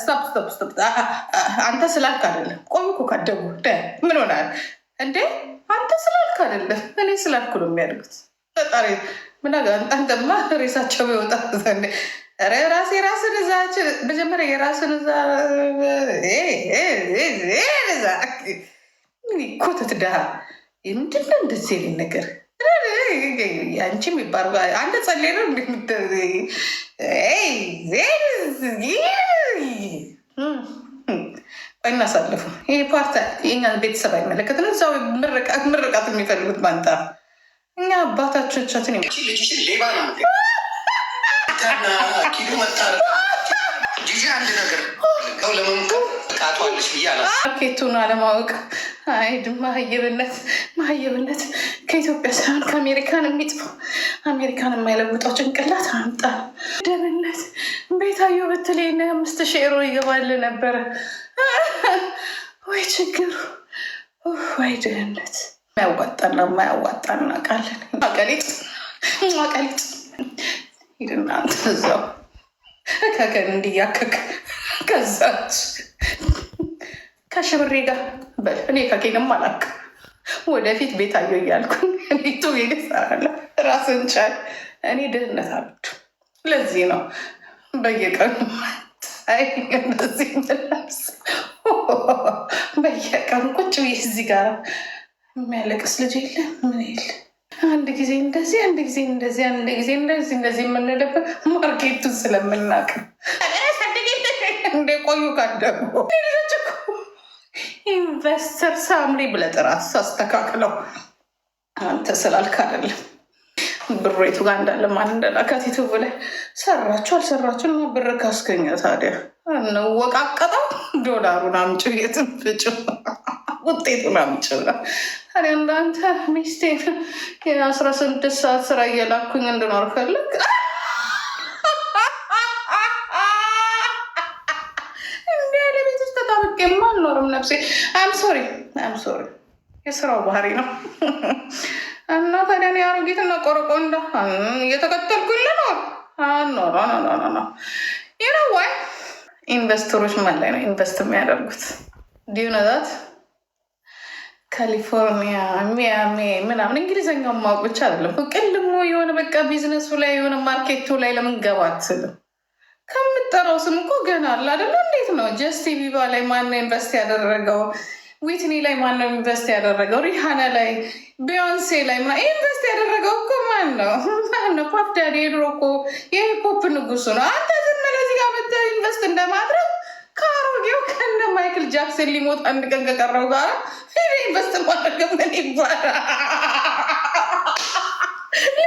ስቶፕ ስቶፕ ስቶፕ። አንተ ስላልክ አይደለም። ቆምኩ ካደጉ ምን ሆናል እንዴ? አንተ ስላልክ አይደለም፣ እኔ ስላልኩ ነው የሚያደርጉት። ፈጣሪ ምናንተማ ሬሳቸው ዘ ራሴ ራስን እዛች መጀመሪያ የራስን እዛ ኮተት ዳ ምንድን ነው እንደዚህ ነገር አንቺ የሚባል አንድ ጸልዬ ነው እናሳልፉ። ይህ ፓርት የእኛን ቤተሰብ አይመለከትም። እዛው ምርቃት የሚፈልጉት ባንጣ እኛ አባታቾቻትን ጊዜ አንድ ነገር ለመምከር ታውቃቷለች ብዬ አላ ኬቱን አለማወቅ አይድ ማህየብነት ማህየብነት ከኢትዮጵያ ሳይሆን ከአሜሪካን የሚጥፋው አሜሪካን የማይለውጠው ጭንቅላት አምጣ ደብነት ቤታዩ ብትሌና አምስት ሮ ይገባል ነበረ ወይ ችግሩ ወይ ድህነት ማያዋጣና ማያዋጣ እናውቃለን። ቀሊጥ ቀሊጥ ሂድና አንተ እዛው ከከን እንዲያከክ ከዛች ከሽብሬ ጋር እኔ ከኬንም አላቅ ወደፊት ቤት አየሁ እያልኩኝ ቱ ይገሳለ ራስን ቻል እኔ ድህነት አሉ። ለዚህ ነው በየቀኑ እንደዚህ በየቀኑ ቁጭ ብዬ እዚህ ጋር የሚያለቅስ ልጅ የለ ምን የለ አንድ ጊዜ እንደዚህ አንድ ጊዜ እንደዚህ አንድ ጊዜ እንደዚህ እንደዚህ የምንልበት ማርኬቱን ስለምናውቅ እንደ ቆዩ ኢንቨስተር ሳምሪ ብለህ ጥራት ሳስተካክለው አንተ ስላልክ አይደለም። ብሬቱ ጋር እንዳለ ማን እንደላካት ዩቱብ ላይ ሰራችሁ አልሰራችሁ ብር ካስገኘ ታዲያ እንወቃቀጠው። ዶላሩን አምጭ የትን ፍጭ ውጤቱን አምጭ ብላ ታዲያ እንዳንተ ሚስቴ የአስራ ስድስት ሰዓት ስራ እየላኩኝ እንድኖር ፈልግ እኔማ አልኖርም ነፍሴ። አም ሶሪ አም ሶሪ የስራው ባህሪ ነው። እና ታዲያ እኔ አሮጊትና ቆረቆንዳ እየተከተልኩኝ ልኖር ኖሮ ኖ ይነዋይ ኢንቨስተሮች መላይ ነው ኢንቨስት የሚያደርጉት ዲዩነዛት ካሊፎርኒያ ሚያሚ ምናምን እንግሊዝኛው ማወቅ ብቻ አይደለም ቅልሞ የሆነ በቃ ቢዝነሱ ላይ የሆነ ማርኬቱ ላይ ለምን ገባ አትልም የጠራው ስም እኮ ገና አለ አይደለ? እንዴት ነው ጀስቲ ቢባ ላይ ማነው ኢንቨስት ያደረገው? ዊትኒ ላይ ማነው ኢንቨስት ያደረገው? ሪሃና ላይ፣ ቢዮንሴ ላይ ኢንቨስት ያደረገው እኮ ማን ነው? ማነው? ፓፕ ዳዲ የድሮ እኮ የሂፖፕ ንጉሱ ነው። አንተ ዝም ለዚህ ጋር መተህ ኢንቨስት እንደማድረግ ከአሮጌው ከነ ማይክል ጃክሰን ሊሞት አንድ ቀን ከቀረው ጋር ኢንቨስት ማድረግ ምን ይባላል?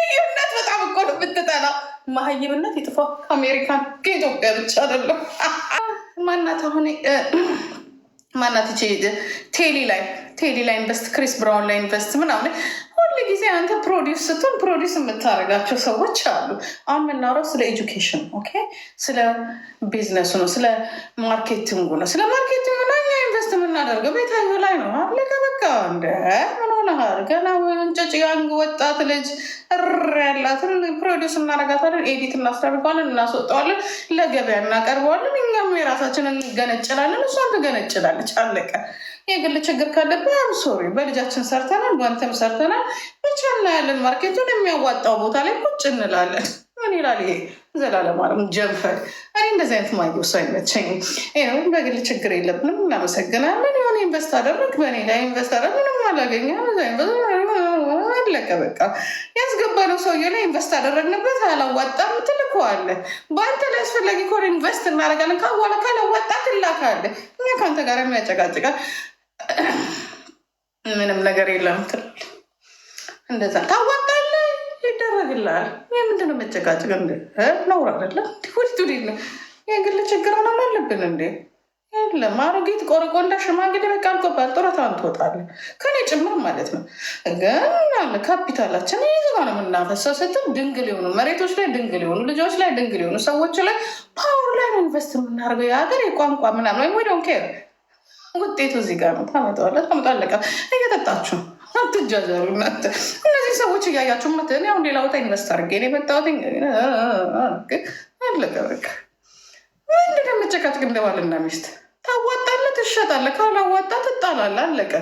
ልዩነት በጣም እኮ ነው የምትጠላው መሀይምነት ይጥፋ። አሜሪካን ከኢትዮጵያ ብቻ አይደለም። ማናት አሁን ማናት ቼ ቴሊ ላይ ቴሊ ላይ ኢንቨስት፣ ክሪስ ብራውን ላይ ኢንቨስት ምናምን ሁሉ ጊዜ አንተ ፕሮዲስ ስትሆን ፕሮዲስ የምታደርጋቸው ሰዎች አሉ። አሁን የምናወራው ስለ ኤጁኬሽን ኦኬ፣ ስለ ቢዝነሱ ነው፣ ስለ ማርኬቲንጉ ነው፣ ስለ ማርኬቲንጉ ነው። ፖስት የምናደርገው ቤታዮ ላይ ነው። አለቀ በቃ። እንደ ምን ሆነሃል? ገና ወንጨጭ አንግ ወጣት ልጅ እር ያላትን ፕሮዲስ እናደርጋታለን፣ ኤዲት እናስደርገዋለን፣ እናስወጠዋለን፣ ለገበያ እናቀርበዋለን። እኛም የራሳችንን እንገነጭላለን፣ እሷም ትገነጭላለች። አለቀ። የግል ችግር ካለብህ ሶሪ፣ በልጃችን ሰርተናል፣ በአንተም ሰርተናል። ብቻ እናያለን። ማርኬቱን የሚያዋጣው ቦታ ላይ ቁጭ እንላለን። ምን ይላል ይሄ ዘላለም አለም ጀንፈር። እኔ እንደዚህ አይነት ማየው ሰው አይመቸኝም። ይኸው በግል ችግር የለብንም። እናመሰግናለን። የሆነ ኢንቨስት አደረግ በእኔ ላይ ኢንቨስት አደረግ ምንም አላገኘም። አለቀ በቃ። ያስገባነው ሰውዬው ላይ ኢንቨስት አደረግንበት፣ አላዋጣም ትልከዋለህ። በአንተ ላይ አስፈላጊ ከሆነ ኢንቨስት እናደርጋለን። ካዋላ ካላዋጣ ትላካለህ። እኛ ከአንተ ጋር የሚያጨቃጭቃል ምንም ነገር የለም ትል እንደዛ ካዋጣ ይደረግላል። ይህ ምንድን ነው መጨቃጨቅ? እንደ ነውር አይደለ? ወዲቱ ሌለ የግል ችግር ነው አለብን እንዴ? የለም አሮጌት ቆረቆንዳ ሽማግሌ በቃ አልቆባል። ጡረታ ትወጣለህ፣ ከኔ ጭምር ማለት ነው። ግን ካፒታላችን ይዘጋ ነው የምናፈሰው ስትል ድንግል የሆኑ መሬቶች ላይ ድንግል የሆኑ ልጆች ላይ ድንግል የሆኑ ሰዎች ላይ ፓወር ላይ ኢንቨስት የምናደርገው የሀገር የቋንቋ ምናምን ወይም ወደውን ከሄድ ውጤቱ እዚህ ጋር ነው። ታመጣዋለህ፣ ታመጣለህ። እየጠጣችሁ አትጃዘሩ እናንተ ሰዎች እያያችሁ መት ያው ሌላ ቦታ ኢንቨስት አድርጌ እኔ መጣሁት አለቀ በቃ። ምንድን ነው መጨቃጨቅ? እንደ ባልና ሚስት ታዋጣለህ፣ ትሸጣለህ፣ ካላዋጣ ትጣላለህ። አለቀ።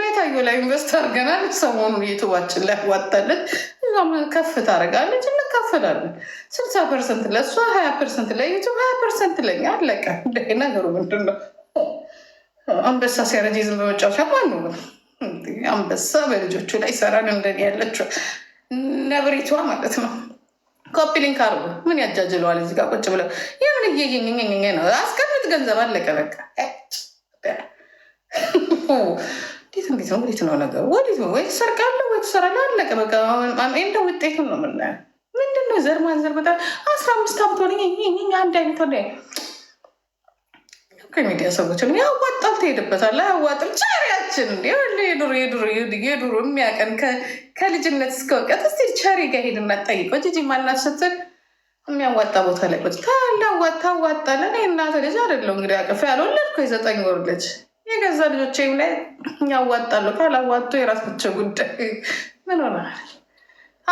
ቤታዮ ላይ ኢንቨስት አድርገናል። ሰሞኑን ዩቱባችን ላይ ዋጣለች፣ እዛም ከፍ ታደርጋለች፣ እንካፈላለን። ስልሳ ፐርሰንት ለእሷ፣ ሀያ ፐርሰንት ለዩቱብ፣ ሀያ ፐርሰንት ለኛ። አለቀ። እንደ ነገሩ ምንድን ነው? አንበሳ ሲያረጅ ዝም በመጫወቻ ማን ነው አንበሳ በልጆቹ ላይ ሰራን እንደኔ ያለችው ነብሪቷ ማለት ነው። ኮፒሊንክ አርጎ ምን ያጃጅለዋል? እዚህ ጋር ቁጭ ብለው የምን እየኝኝኝኝ ነው። አስቀምጥ ገንዘብ አለቀ በቃ። እንዴት እንዴት ነው እንዴት ነው ነገሩ? ወዴት ነው ወይ ትሰርቃለህ ወይ ትሰራለህ? አለቀ በቃ። እንደ ውጤቱን ነው የምናየው። ምንድን ነው ዘር ማንዘር በጣም አስራ አምስት አምቶ ሆነኝ አንድ አይነት ነ ከሚዲያ ሰዎች ሰዎችም ያዋጣል፣ ትሄድበታለህ። አያዋጥም ቸሪያችን እንዲ የዱር የዱር የዱር የሚያቀን ከልጅነት እስከ እውቀት እስኪ ቸሪ ጋር ሄድና ጠይቆ ጂጂ ማናት ስትል የሚያዋጣ ቦታ ላይ ቁጭ ታላዋጣ ዋጣለን። እናት ልጅ አደለው እንግዲህ አቅፍ ያልወለድኩ የዘጠኝ ወር ልጅ የገዛ ልጆቼም ላይ ያዋጣሉ። ካላዋጡ የራሳቸው ጉዳይ ምን ሆናል?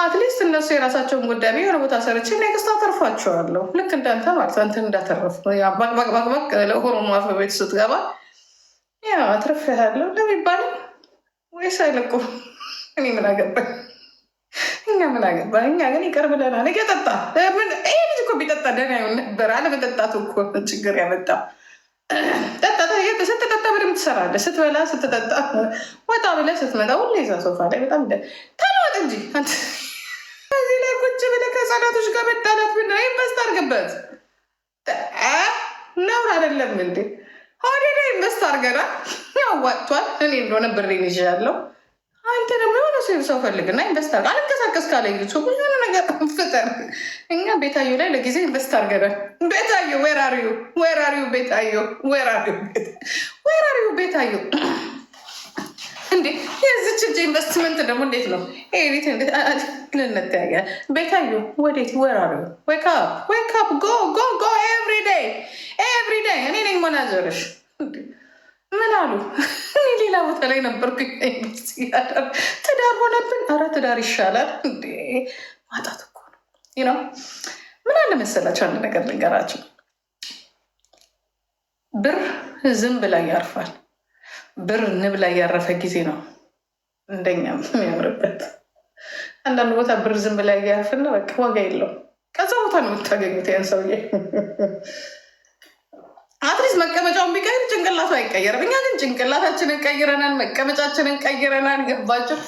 አትሊስት እነሱ የራሳቸውን ጉዳይ የሆነ ቦታ ሰርች ኔክስት አተርፏቸዋለሁ። ልክ እንዳንተ ማለት እንትን እንዳተረፍ ባቅባቅባቅ ለኦሮሞ አፈቤት ስትገባ ያው አትርፍ ያለው ለሚባል ወይስ አይልቁ እኔ ምን አገባኝ? እኛ ምን አገባ? እኛ ግን ይቀርብ ነገ ጠጣ። ይህ ልጅ እኮ ቢጠጣ ደህና ይሆን ነበር። አለመጠጣቱ እኮ ችግር ያመጣ ስትጠጣ በደምብ ትሰራለህ። ስትበላ፣ ስትጠጣ፣ ወጣ ብለህ ስትመጣ ሁሌ እዛ ሶፋ ላይ በጣም ተለወጥ እንጂ ከአንቺ በላይ ከህፃናቶች ጋር መጣላት ምን ኢንቨስት መስታርግበት ነውር አይደለም እንዴ? ሆዴ ላይ መስት አርገናል፣ ያዋጥቷል። እኔ እንደሆነ ብሬን ይችላለሁ። አንተ ደግሞ የሆነ ሰው ሰው ፈልግና ኢንቨስት አርገ አልንቀሳቀስ ካለ ዩቱብ የሆነ ነገር ፍጠር። እኛ ቤታዩ ላይ ለጊዜ ኢንቨስት አርገናል። ቤታዩ ዌር ዌር አር ዩ አር ዩ ቤታዩ ዌር ዌር አር ዩ አር ዩ ቤታዩ እንዴ የዚች እጅ ኢንቨስትመንት ደግሞ እንዴት ነው ቤት ኤሪት? ልንተያየ ቤታዩ ወዴት ወራሉ? ዌክ አፕ ጎ ጎ ጎ ኤቭሪ ዴይ እኔ ነኝ መናዘርሽ። ምን አሉ? እኔ ሌላ ቦታ ላይ ነበርኩ። ኢንቨስት ትዳር ሆነብን። አረ ትዳር ይሻላል እንዴ ማጣት እኮ ነው። ነው ምን አለ መሰላቸው፣ አንድ ነገር ልንገራቸው። ብር ዝም ብላ ያርፋል ብር ንብላ ያረፈ ጊዜ ነው። እንደኛ የሚያምርበት አንዳንድ ቦታ ብር ዝም ላይ ያርፍና በቃ ዋጋ የለው። ከዛ ቦታ ነው የምታገኙት ያን ሰውዬ። አትሊስት መቀመጫውን ቢቀይር ጭንቅላቱ አይቀየርም። እኛ ግን ጭንቅላታችንን ቀይረናል፣ መቀመጫችንን ቀይረናል። ገባቸው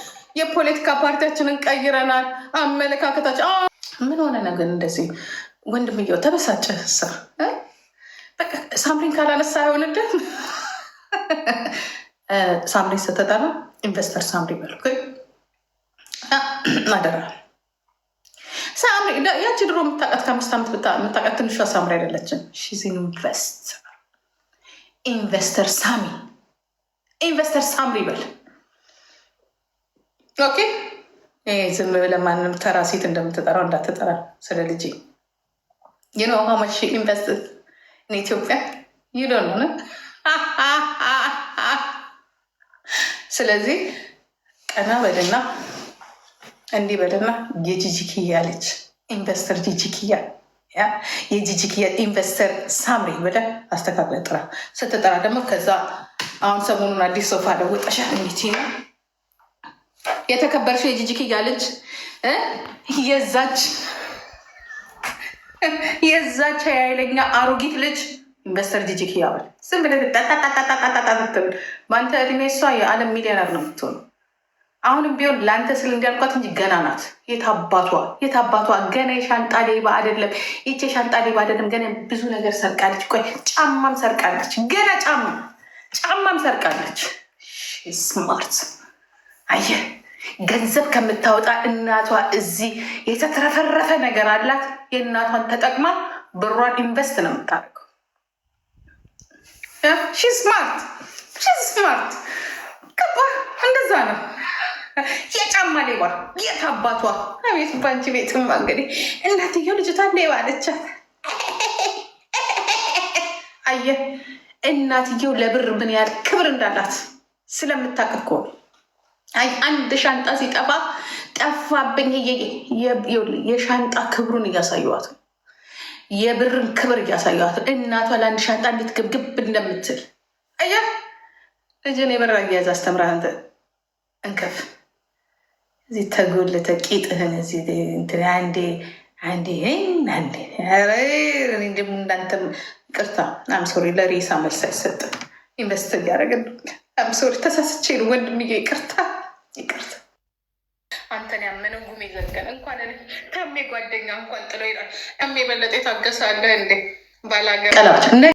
የፖለቲካ ፓርቲያችንን ቀይረናል። አመለካከታችን ምን ሆነ ነገር እንደዚህ ወንድምየው ተበሳጨ ሳ በቃ ሳምሪን ካላነሳ አይሆንልን ሳምሪ ስተጠራ ኢንቨስተር ሳምሪ በሉ አደራ። ሳምሪ ያቺ ድሮ የምታውቃት ከአምስት ዓመት የምታውቃት ትንሿ ሳምሪ አይደለችም። ሺዝ ኢንቨስት ኢንቨስተር ሳሚ ኢንቨስተር ሳምሪ በል ኦኬ። ዝም ብለህ ማንም ተራ ሴት እንደምትጠራው እንዳትጠራ ስለ ልጅ ዩኖ ሀመች ኢንቨስት ኢትዮጵያ ይደሆነ ስለዚህ ቀና በደና እንዲህ በደና የጂጂክያ ልጅ ኢንቨስተር ጂጂክያ የጂጂክያ ኢንቨስተር ሳምሪ በደ አስተካክለ ጥራ። ስትጠራ ደግሞ ከዛ አሁን ሰሞኑን አዲስ ሶፋ ለውጠሻ እንዲቲ ነው የተከበርሽ የጂጂክያ ልጅ የዛች የዛች ያይለኛ አሮጊት ልጅ በስትራቴጂክ ያዋል ስም ብለህ ትጠጣጣጣጣጣጣጣጣጣ በአንተ እድሜ እሷ የዓለም ሚሊዮነር ነው የምትሆነው። አሁንም ቢሆን ለአንተ ስል እንዲያልኳት እንጂ ገና ናት። የታባቷ የታባቷ ገና የሻንጣ ሌባ አይደለም ይቺ የሻንጣ ሌባ አይደለም። ገና ብዙ ነገር ሰርቃለች። ቆይ ጫማም ሰርቃለች። ገና ጫማ ጫማም ሰርቃለች። ስማርት አየ ገንዘብ ከምታወጣ እናቷ እዚህ የተትረፈረፈ ነገር አላት። የእናቷን ተጠቅማ ብሯን ኢንቨስት ነው የምታደርገው። ሺ ስማርት ሺ ስማርት ከባ እንደዛ ነው የጫማ ሌባ የት አባቷ። አቤት ባንቺ ቤትማ እንግዲህ እናትየው ልጅቷ ሌባ አለቻት። አየ እናትየው ለብር ምን ያህል ክብር እንዳላት ስለምታውቅ እኮ አንድ ሻንጣ ሲጠፋ ጠፋብኝ የሻንጣ ክብሩን እያሳየዋት ነው የብርን ክብር እያሳየዋት እናቷ ለአንድ ሻንጣ እንዴት ግብግብ እንደምትል እያ ልጅን የብር አያያዝ አስተምራ እንከፍ እዚህ ተጎል ተቂጥህን እዚህ አንዴ አንዴ አንዴ እናንተም ቅርታ አምሶሪ ለሬሳ መልስ አይሰጥም። ኢንቨስት እያደረገ አምሶሪ ተሳስቼ ወንድምዬ ይቅርታ ይቅርታ አንተን ያመነው ጉም ይዘንገን እንኳን ታሜ ጓደኛ እንኳን ጥሎ ይላል። ታሜ የበለጠ የታገሳለህ እንዴ ባላገር